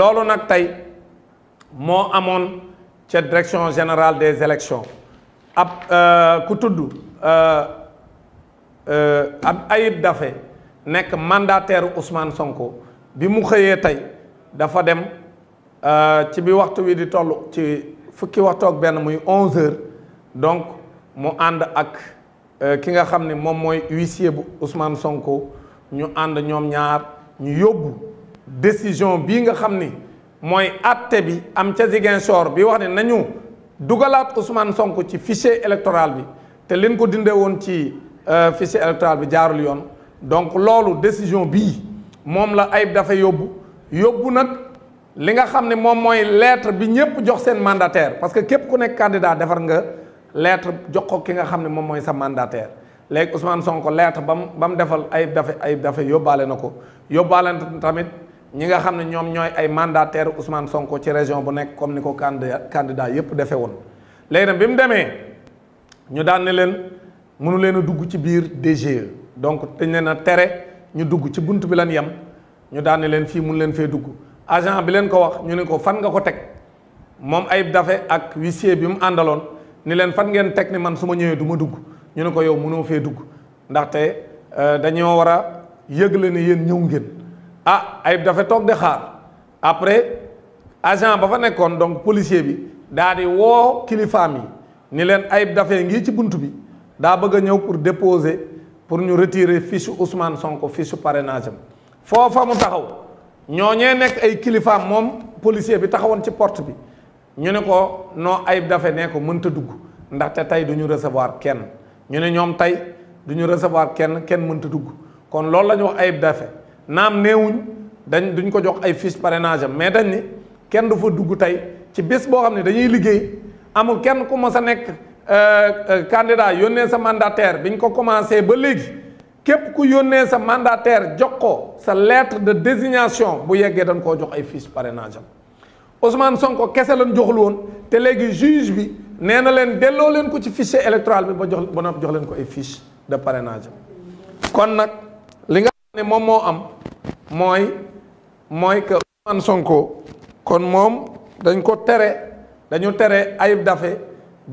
loolu nag tey moo amoon ca direction générale des élections ab euh, ku tudd euh, euh, ab Ayib Daffé nekk mandataire Ousmane Sonko bi mu xëyee tey dafa dem ci bi waxtu wi di toll ci fukki waxtu ak benn muy 11 heures donc mu ànd ak ki nga xam ne moom mooy huissier bu Ousmane Sonko ñu ànd ñoom ñaar ñu yóbbu. décision bii nga xam ni mooy atte bi am ca Ziguinchor bi wax ne nañu dugalaat Ousmane sonk ci fichier électoral bi te lin ko dindee woon ci euh, fichier électoral bi jaarul yoon donc loolu décision bii moom la ayib dafa yóbbu yóbbu nag li nga xam ne moom mooy lettre bi ñëpp jox seen mandataire parce que képp ku nekk candidat defar nga lettre jox ko ki nga xam ne moom mooy sa mandataire léegi Ousmane Sonko lettre ba mu ba mu defal ayib dafa ayib dafa yóbbaale na ko yóbbaale tamit. ñi nga xam ne ñoom ñooy ay mandataire Ousmane Sonko ci région bu nekk comme ni ko candidat candidat yëpp defee woon léegi nag bi mu demee ñu daan ne leen mënu leen a dugg ci biir DGE donc dañ leen a tere ñu dugg ci bunt bi lan yem ñu daan ne leen fii mun leen fee dugg agent bi leen ko wax ñu ne ko fan nga ko teg moom ay Daffé ak huissier bi mu àndaloon ni leen fan ngeen teg ni man su ma ñëwee du ma dugg ñu ne ko yow mënoo fee dugg ndaxte euh, dañoo war a yëgle ne yéen ñëw ngeen. ah Ayib dafa toog di xaar après agent ba fa nekkoon donc policier bi daa di woo kilifaam yi ni leen Ayib Daffé ngi ci bunt bi daa bëgg a ñëw pour déposer pour ñu retirer fiche Ousmane Sonko fiche parrainage am foofa mu taxaw ñooñee nekk ay kilifaam moom policier bi taxawoon ci porte bi ñu ne ko noo Ayib Daffé nee ko mënta dugg ndaxte tey du ñu recevoir kenn ñu ne ñoom tey du ñu recevoir kenn kenn mënta dugg kon loolu la ñu wax Ayib Daffé naam newuñ dañ duñ ko jox ay fiche parrainage mais dañ ni kenn du fa dugg tey ci bés boo xam ne dañuy liggéey amul kenn ku mës a nekk euh, euh, candidat yónnee sa mandataire biñ ko commencé ba léegi képp ku yónnee sa mandataire jox ko sa lettre de désignation bu yeggee dañ koo jox ay fiche parrainage am Ousmane Sonko kese lañ joxul woon te léegi juge bi nee na leen delloo leen ko ci fichier électoral bi ba jox ba jox leen ko ay fiche de parrainage kon nag li nga moom moo am. mooy mooy que Ousmane Sonko kon moom dañ ko tere dañu tere Ayib dafe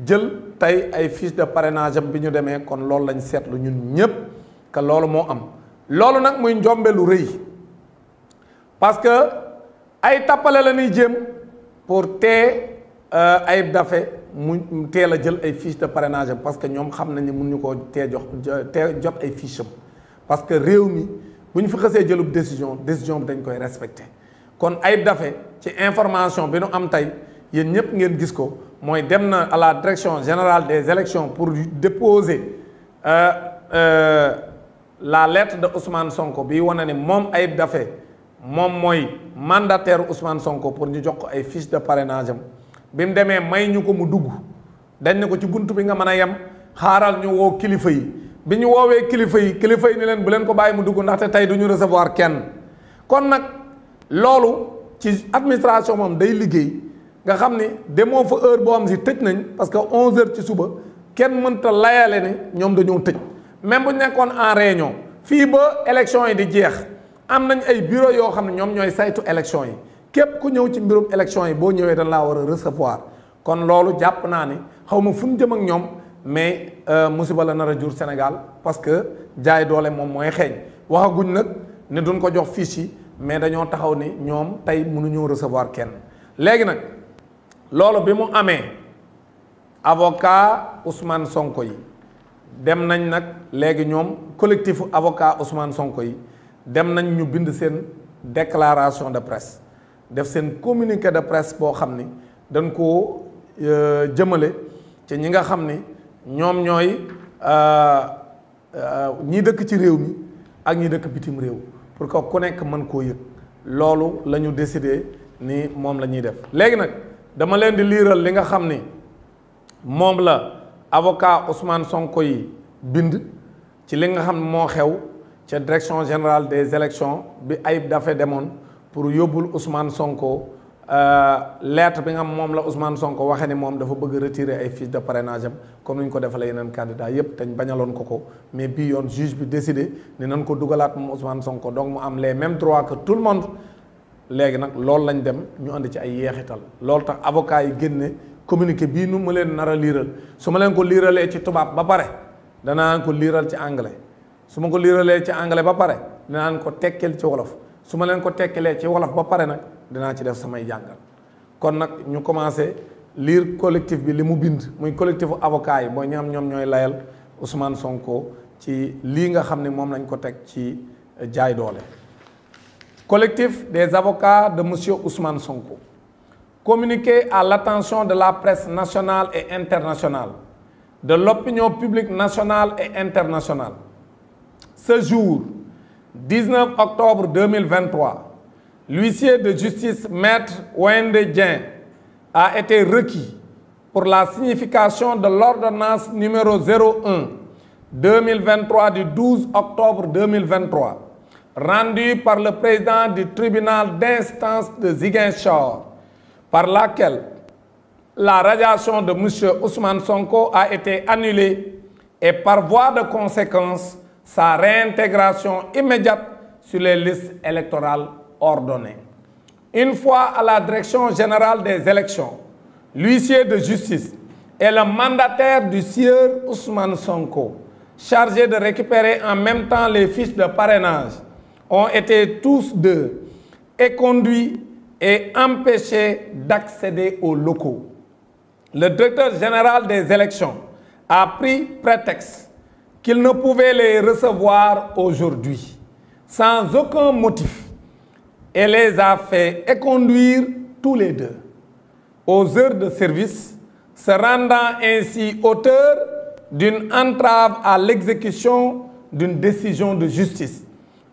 jël tey ay fiche de parrainage bi ñu demee kon loolu lañ seetlu ñun ñëpp que loolu moo am loolu nag muy njombe rëy parce que ay tappale la ñuy jéem pour tee euh, Ayib dafe mu teel a jël ay fiche de parrainage am parce que ñoom xam nañ ne mun ñu koo tee jox tee jot ay fiche am parce que réew mi bu ñu fi xësee jëlub décision décision bi dañ koy respecté kon Ayib Daffé ci information bi nu am tey yéen ñëpp ngeen gis ko mooy dem na à la direction générale des élections pour déposer euh, euh, la lettre de Ousmane Sonko bi wane ne moom Ayib Daffé moom mooy mandataire Ousmane Sonko pour ñu jox ko ay fiche de parrainage am bi mu demee may ñu ko mu dugg dañ ne ko ci bunt bi nga mën a yem xaaral ñu woo kilifa yi. bi ñu woowee kilifa yi kilifa yi ni leen bu leen ko bàyyi mu dugg ndaxte tey du ñu recevoir kenn kon nag loolu ci administration moom day liggéey nga xam ni demoo fa heure boo am si tëj nañ parce que onze heures ci suba kenn mënta layale ni ñoom dañoo tëj même bu nekkoon en réunion fii ba élection yi di jeex am nañ ay bureau yoo xam ne ñoom ñooy saytu élection yi képp ku ñëw ci mbirum élection yi boo ñëwee dañ laa war a recevoir kon loolu jàpp naa ni xaw ma fu ñu jëm ak ñoom mais euh, musiba la nar a jur Sénégal parce que jaay doole moom mooy xeeñ waxaguñ nag ne duñ ko jox fiche yi mais dañoo taxaw ni ñoom tey mënuñoo recevoir kenn léegi nag loolu bi mu amee avocat Ousmane Sonko yi dem nañ nag léegi ñoom collectif avocat Ousmane Sonko yi dem nañ ñu bind seen déclaration de presse def seen communiqué de presse boo xam ni dañ koo euh, jëmale ci ñi nga xam ni ñoom ñooy euh, euh, ñii dëkk ci réew mi ak ñi dëkk bitim réew pour que ku nekk mën koo yëg loolu la ñu décidé ni moom la ñuy def léegi nag dama leen di liiral li nga xam ni moom la avocat Ousmane Sonko yi bind ci li nga xam moo xew ca direction générale des élections bi Ayib Daffé demoon pour yóbbul Ousmane Sonko Euh, lettre bi nga xam moom la Ousmane Sonko waxee ni moom dafa bëgg retirer ay fiches de parrainage am comme ni ko defale yeneen candidat yépp te bañaloon ko ko mais bii yoon juge bi décidé ni nañ ko dugalaat moom Ousmane Sonko donc mu am les mêmes droits que tout le monde léegi nag loolu lañ dem ñu ànd ci ay yeexital loolu tax avocat yi génne communiqué bii nu ma leen nar a liiral su ma leen ko liiralee ci tubaab ba pare danaa ko liiral ci anglais su ma ko liiralee ci anglais ba pare dinaan ko tekkeel ci wolof su ma leen ko tekkilee ci wolof ba pare nag dinaa ci def samay jàngal kon nag ñu commencé liir collectif bi li mu bind muy collectifu avocat yi mooy ñam ñoom ñooy layal Ousmane Sonko ci lii nga xam ne moom lañ ko teg ci eh, jaay doole collectif des avocats de monsieur Ousmane Sonko communiqué à l'attention de la presse nationale et internationale de l'opinion publique nationale et internationale ce jour 19 octobre 2023, l'huissier de justice maître Wende Dien a été requis pour la signification de l'ordonnance numéro 01 2023 du 12 octobre 2023 rendue par le président du tribunal d'instance de Ziguinchor par laquelle la radiation de M. Ousmane Sonko a été annulée et par voie de conséquence sa réintégration immédiate sur les listes électorales ordonnées. Une fois à la direction générale des élections, l'huissier de justice est le mandataire du sieur Ousmane Sonko, chargé de récupérer en même temps les fiches de parrainage, ont été tous deux et conduits et empêchés d'accéder aux locaux. Le directeur général des élections a pris prétexte qu'il ne pouvait les recevoir aujourd'hui, sans aucun motif, et les a fait éconduire tous les deux, aux heures de service, se rendant ainsi auteur d'une entrave à l'exécution d'une décision de justice,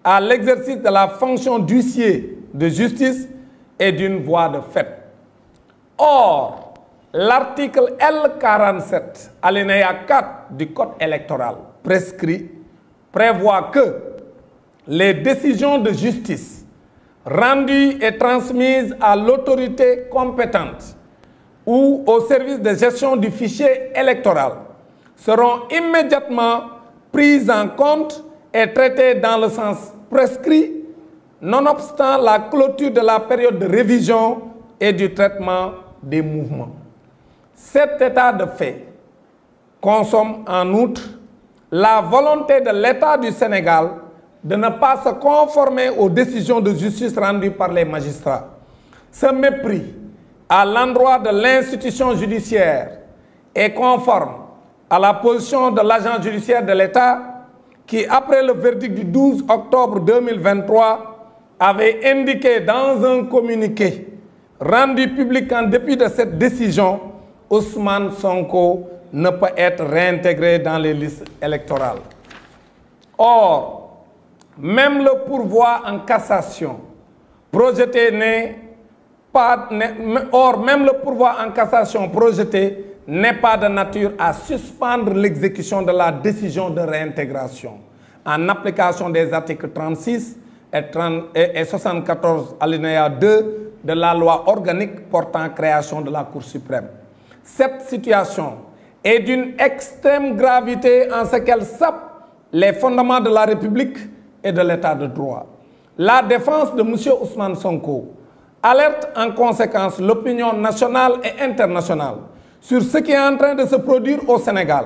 à l'exercice de la fonction d'huissier de justice et d'une voie de faite l'article L47, alinéa 4 du Code électoral prescrit, prévoit que les décisions de justice rendues et transmises à l'autorité compétente ou au service de gestion du fichier électoral seront immédiatement prises en compte et traitées dans le sens prescrit, nonobstant la clôture de la période de révision et du traitement des mouvements. Cet état de fait consomme en outre la volonté de l'État du Sénégal de ne pas se conformer aux décisions de justice rendues par les magistrats. Ce mépris à l'endroit de l'institution judiciaire est conforme à la position de l'agent judiciaire de l'État qui, après le verdict du 12 octobre 2023, avait indiqué dans un communiqué rendu public en dépit de cette décision Ousmane Sonko ne peut être réintégré dans les listes électorales. Or, même le pourvoi en cassation, projeté n'est pas, en cassation projeté n'est pas de nature à suspendre l'exécution de la décision de réintégration. En application des articles 36 et, 30, et 74 alinéa 2 de la loi organique portant création de la Cour suprême. Cette situation est d'une extrême gravité en ce qu'elle sape les fondements de la République et de l'État de droit. La défense de M. Ousmane Sonko alerte en conséquence l'opinion nationale et internationale sur ce qui est en train de se produire au Sénégal,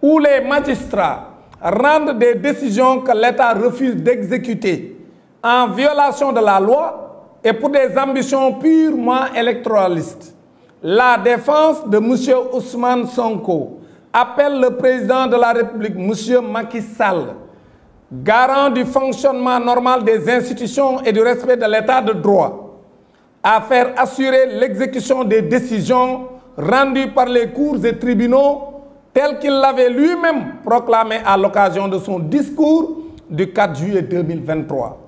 où les magistrats rendent des décisions que l'État refuse d'exécuter en violation de la loi et pour des ambitions purement électoralistes. La défense de M. Ousmane Sonko appelle le président de la République, M. Macky Sall, garant du fonctionnement normal des institutions et du respect de l'état de droit, à faire assurer l'exécution des décisions rendues par les cours et tribunaux telles qu'il l'avait lui à l'occasion de son discours du 4 juillet 2023.